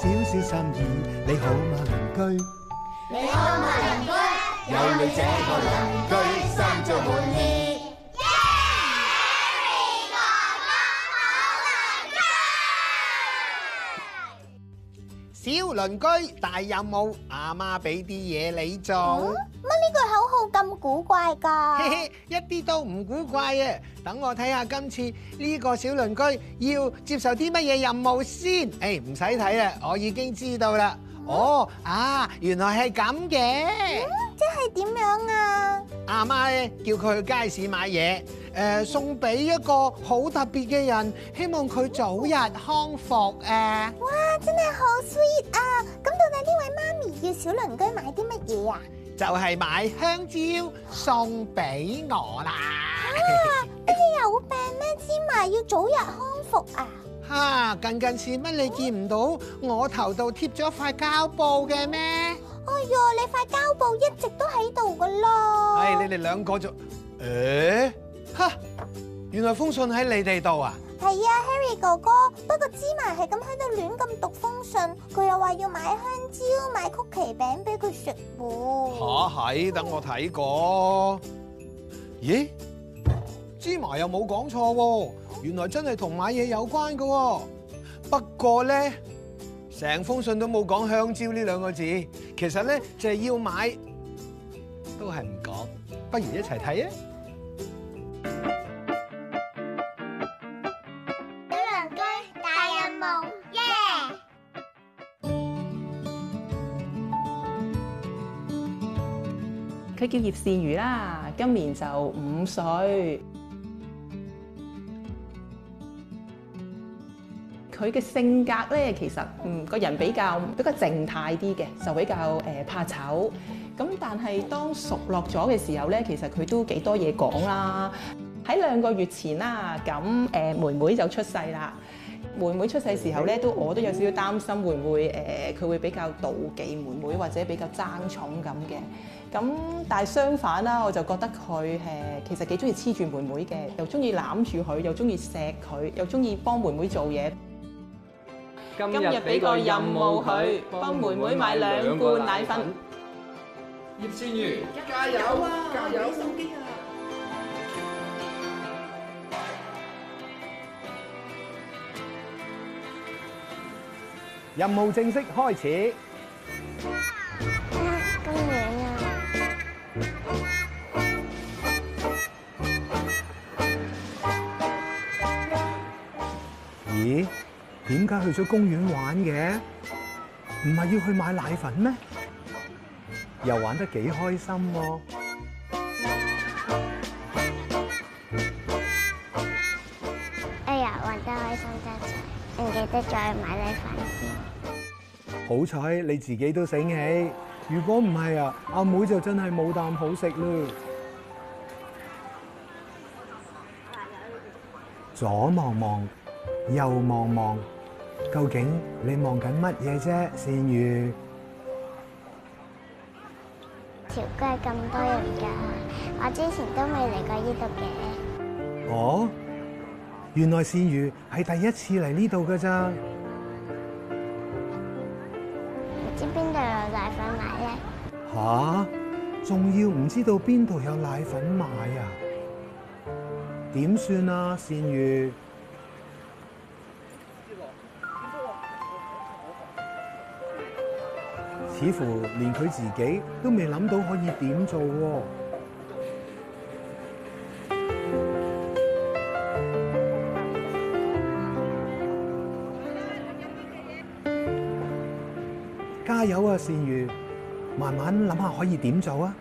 小小心意，你好嗎，鄰居？你好嗎，鄰居？有你這個鄰居，心中滿意。小鄰居，大任務，阿媽俾啲嘢你做。乜呢句口號咁古怪㗎？ 一啲都唔古怪啊！等我睇下今次呢個小鄰居要接受啲乜嘢任務先。誒唔使睇啦，我已經知道啦。哦、oh，啊，原來係咁嘅。係點樣啊？阿媽咧，叫佢去街市買嘢，誒、呃，送俾一個好特別嘅人，希望佢早日康復啊！哇，真係好 sweet 啊！咁到底呢位媽咪叫小鄰居買啲乜嘢啊？就係、是、買香蕉送俾我啦！啊，乜你有病咩？芝麻要早日康復啊！哈，近近次乜你見唔到我頭度貼咗塊膠布嘅咩？哎喲，你塊膠布一直都喺度噶咯。唉，你哋兩個就誒，吓、哎，原來封信喺你哋度啊。係啊，Harry 哥哥。不過芝麻係咁喺度亂咁讀封信，佢又話要買香蕉、買曲奇餅俾佢食喎。吓、喺、啊，等我睇過。咦， 芝麻又冇講錯喎，原來真係同買嘢有關噶、啊。不過咧。成封信都冇講香蕉呢兩個字，其實咧就係要買，都係唔講，不如一齊睇啊！小鄰居大任務，耶！佢叫葉善如啦，今年就五歲。佢嘅性格咧，其實嗯個人比較比較靜態啲嘅，就比較誒、呃、怕醜。咁但係當熟絡咗嘅時候咧，其實佢都幾多嘢講啦。喺兩個月前啦，咁誒、呃、妹妹就出世啦。妹妹出世時候咧，都我都有少少擔心會唔會誒佢會比較妒忌妹妹，或者比較爭寵咁嘅。咁但係相反啦、啊，我就覺得佢誒其實幾中意黐住妹妹嘅，又中意攬住佢，又中意錫佢，又中意幫妹妹做嘢。今日俾個任務佢，幫妹妹買兩罐奶粉。葉心月，加油啊！加油，心機啊！任務正式開始。而家去咗公園玩嘅，唔係要去買奶粉咩？又玩得幾開心喎！哎呀，玩得開心得滯，唔記得再買奶粉先。好彩你自己都醒起，如果唔係啊，阿妹就真係冇啖好食嘞！左望望，右望望。究竟你望緊乜嘢啫？善如，條街咁多人噶，啊、我之前都未嚟過呢度嘅。哦，原來善如係第一次嚟呢度噶咋？唔、嗯、知邊度有奶粉買咧？吓、啊，仲要唔知道邊度有奶粉買啊？點算啊，善如？似乎連佢自己都未諗到可以點做喎，加油啊，善如，慢慢諗下可以點做啊！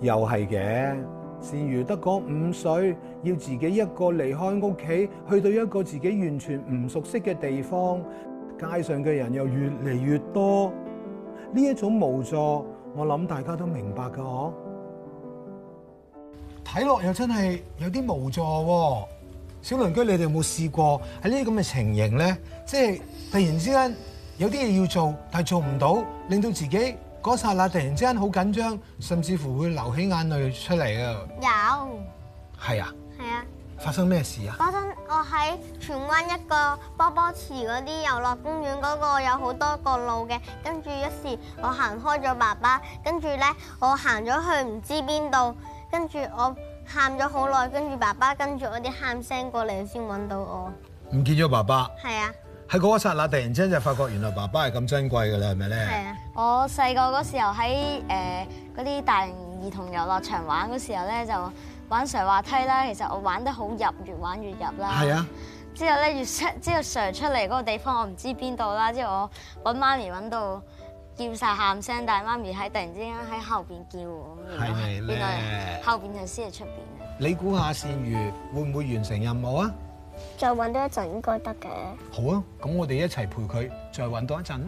又係嘅，善如得嗰五歲要自己一個離開屋企，去到一個自己完全唔熟悉嘅地方，街上嘅人又越嚟越多，呢一種無助，我諗大家都明白噶，嗬。睇落又真係有啲無助喎。小鄰居，你哋有冇試過喺呢啲咁嘅情形呢？即係突然之間有啲嘢要做，但係做唔到，令到自己。嗰剎那突然之間好緊張，甚至乎會流起眼淚出嚟。有啊？有。係啊。係啊。發生咩事啊？發生，我喺荃灣一個波波池嗰啲遊樂公園嗰個有好多個路嘅，跟住一時我行開咗爸爸，跟住咧我行咗去唔知邊度，跟住我喊咗好耐，跟住爸爸跟住我啲喊聲過嚟先揾到我。唔見咗爸爸。係啊。喺嗰個剎那，突然之間就發覺原來爸爸係咁珍貴嘅啦，係咪咧？係啊！我細個嗰時候喺誒嗰啲大型兒童遊樂場玩嗰時候咧，就玩水滑梯啦。其實我玩得好入，越玩越入啦。係啊之呢！之後咧越上，之後水出嚟嗰個地方我唔知邊度啦。之後我揾媽咪揾到叫晒喊聲，但係媽咪喺突然之間喺後邊叫我，我唔明係邊個，後邊就先出面啊！面面啊，你估下善如會唔會完成任務啊？再搵多一陣應該得嘅。好啊，咁我哋一齊陪佢再搵多一陣啦。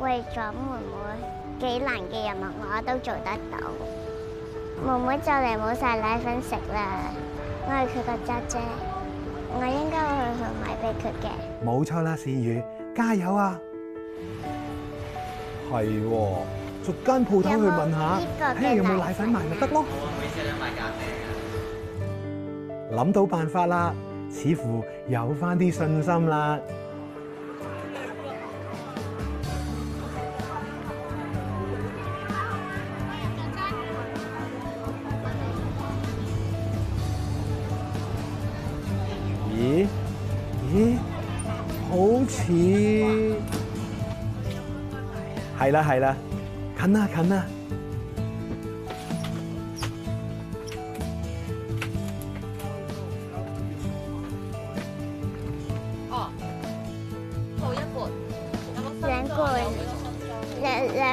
為咗妹妹，幾難嘅人物，我都做得到。妹妹就嚟冇晒奶粉食啦，我係佢個姐姐，我應該去去買俾佢嘅。冇錯啦，善宇，加油啊！係啊，逐間鋪頭去問下，睇下有冇奶粉賣咪得咯。諗到辦法啦，似乎有返啲信心啦。咦？咦？好似係啦，係啦他話， 近啦，近啦。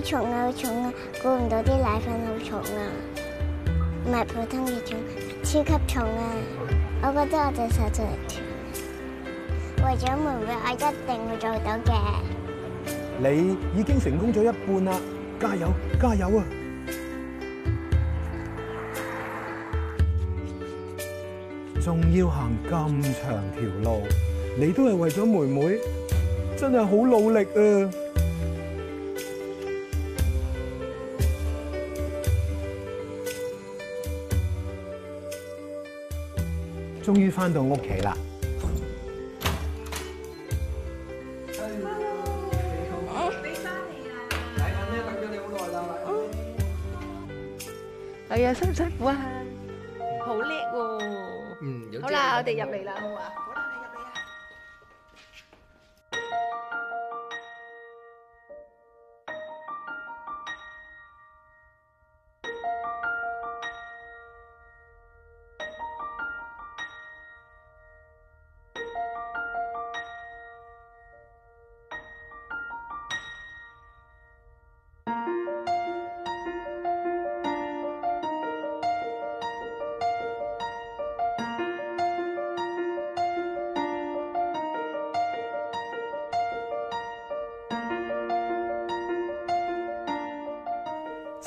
好重啊！好重啊！估唔到啲奶粉好重啊，唔係普通嘅重，超級重啊！我覺得我隻手真係條，為咗妹妹，我一定會做到嘅。你已經成功咗一半啦，加油，加油啊！仲要行咁長條路，你都係為咗妹妹，真係好努力啊！終於返到屋企啦！哎呀，辛唔辛苦啊？好叻喎！嗯，好啦，我哋入嚟啦，好嘛？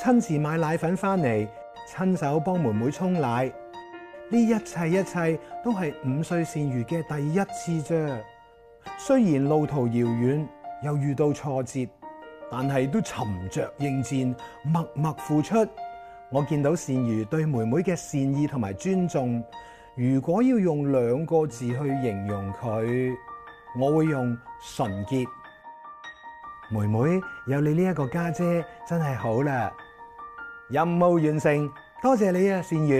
親自買奶粉翻嚟，親手幫妹妹沖奶，呢一切一切都係五歲善如嘅第一次啫。雖然路途遙遠，又遇到挫折，但係都沉着應戰，默默付出。我見到善如對妹妹嘅善意同埋尊重，如果要用兩個字去形容佢，我會用純潔。妹妹有你呢一個家姐，真係好啦。任務完成，多謝你啊，善如！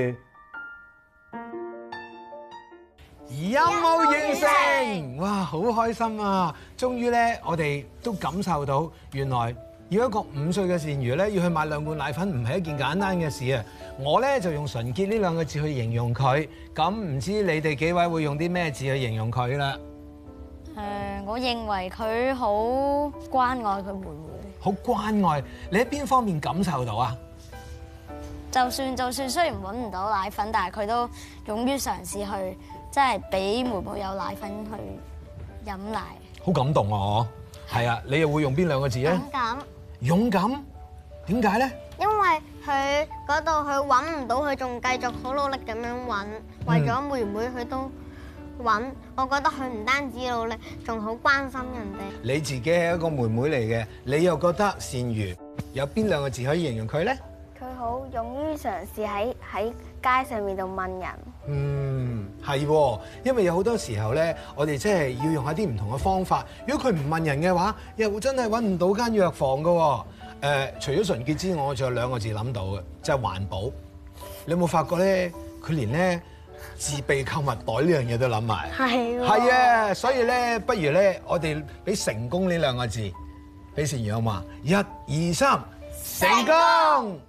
任務完成，哇，好開心啊！終於呢，我哋都感受到原來，要一個五歲嘅善如呢，要去買兩罐奶粉，唔係一件簡單嘅事啊！我呢，就用純潔呢兩個字去形容佢。咁唔知你哋幾位會用啲咩字去形容佢啦？誒、呃，我認為佢好關愛佢妹妹，好關愛。你喺邊方面感受到啊？就算，就算雖然揾唔到奶粉，但係佢都勇於嘗試去，即係俾妹妹有奶粉去飲奶。好感動啊！係啊， 你又會用邊兩個字咧？勇敢。勇敢點解咧？因為佢嗰度佢揾唔到，佢仲繼續好努力咁樣揾，為咗妹妹佢都揾。嗯、我覺得佢唔單止努力，仲好關心人哋。你自己係一個妹妹嚟嘅，你又覺得善餘有邊兩個字可以形容佢咧？好，勇於嘗試，喺喺街上面度問人。嗯，係，因為有好多時候咧，我哋即係要用一啲唔同嘅方法。如果佢唔問人嘅話，又真係揾唔到間藥房嘅。哦。誒、呃，除咗純潔之外，我仲有兩個字諗到嘅，即係環保。你有冇發覺咧？佢連咧自備購物袋呢樣嘢都諗埋。係的。係啊，所以咧，不如咧，我哋俾成功呢兩個字俾善養嘛，一、二、三。成功！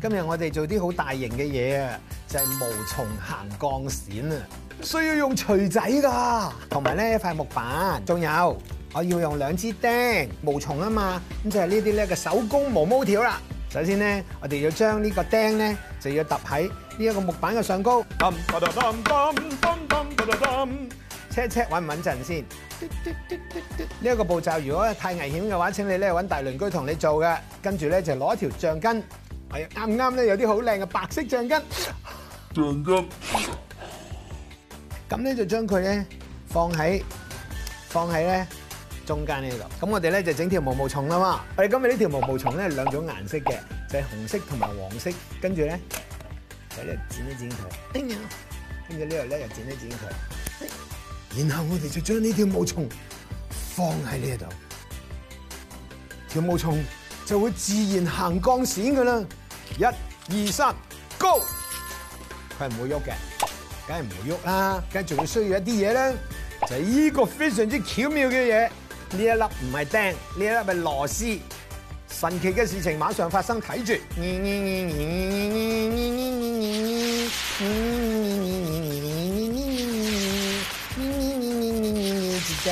今日我哋做啲好大型嘅嘢啊，就係毛蟲行鋼線啊，需要用錘仔噶，同埋咧一塊木板，仲有我要用兩支釘，毛蟲啊嘛，咁就係呢啲咧嘅手工毛毛條啦。首先咧，我哋要將呢個釘咧，就要揼喺呢一個木板嘅上高。check check 穩唔穩陣先？呢一個步驟如果太危險嘅話，請你咧搵大鄰居同你做嘅。跟住咧就攞條橡筋，係啊啱啱咧？有啲好靚嘅白色橡筋。橡筋。咁咧就將佢咧放喺放喺咧中間呢度。咁我哋咧就整條毛毛蟲喇嘛。我哋今日呢條毛毛蟲咧兩種顏色嘅，就係紅色同埋黃色。跟住咧喺度剪一剪佢，跟住呢度呢就剪一剪佢。然後我哋就將呢條毛蟲放喺呢度，條毛蟲就會自然行光線噶啦，一、二、三，Go！佢係唔會喐嘅，梗係唔會喐啦。梗係仲要需要一啲嘢咧，就係、是、呢個非常之巧妙嘅嘢。呢一粒唔係釘，呢一粒係螺絲。神奇嘅事情馬上發生，睇住。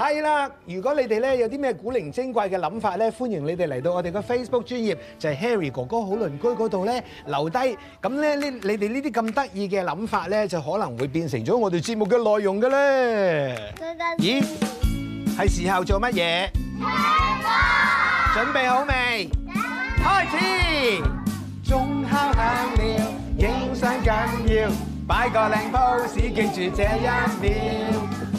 係啦，如果你哋咧有啲咩古靈精怪嘅諗法咧，歡迎你哋嚟到我哋嘅 Facebook 專頁，就係 Harry 哥哥好鄰居嗰度咧留低。咁咧呢，你哋呢啲咁得意嘅諗法咧，就可能會變成咗我哋節目嘅內容㗎啦。咦，係時候做乜嘢？唱歌。準備好未？開始。鐘敲響了，影相緊要，擺個靚 pose，記住這一秒。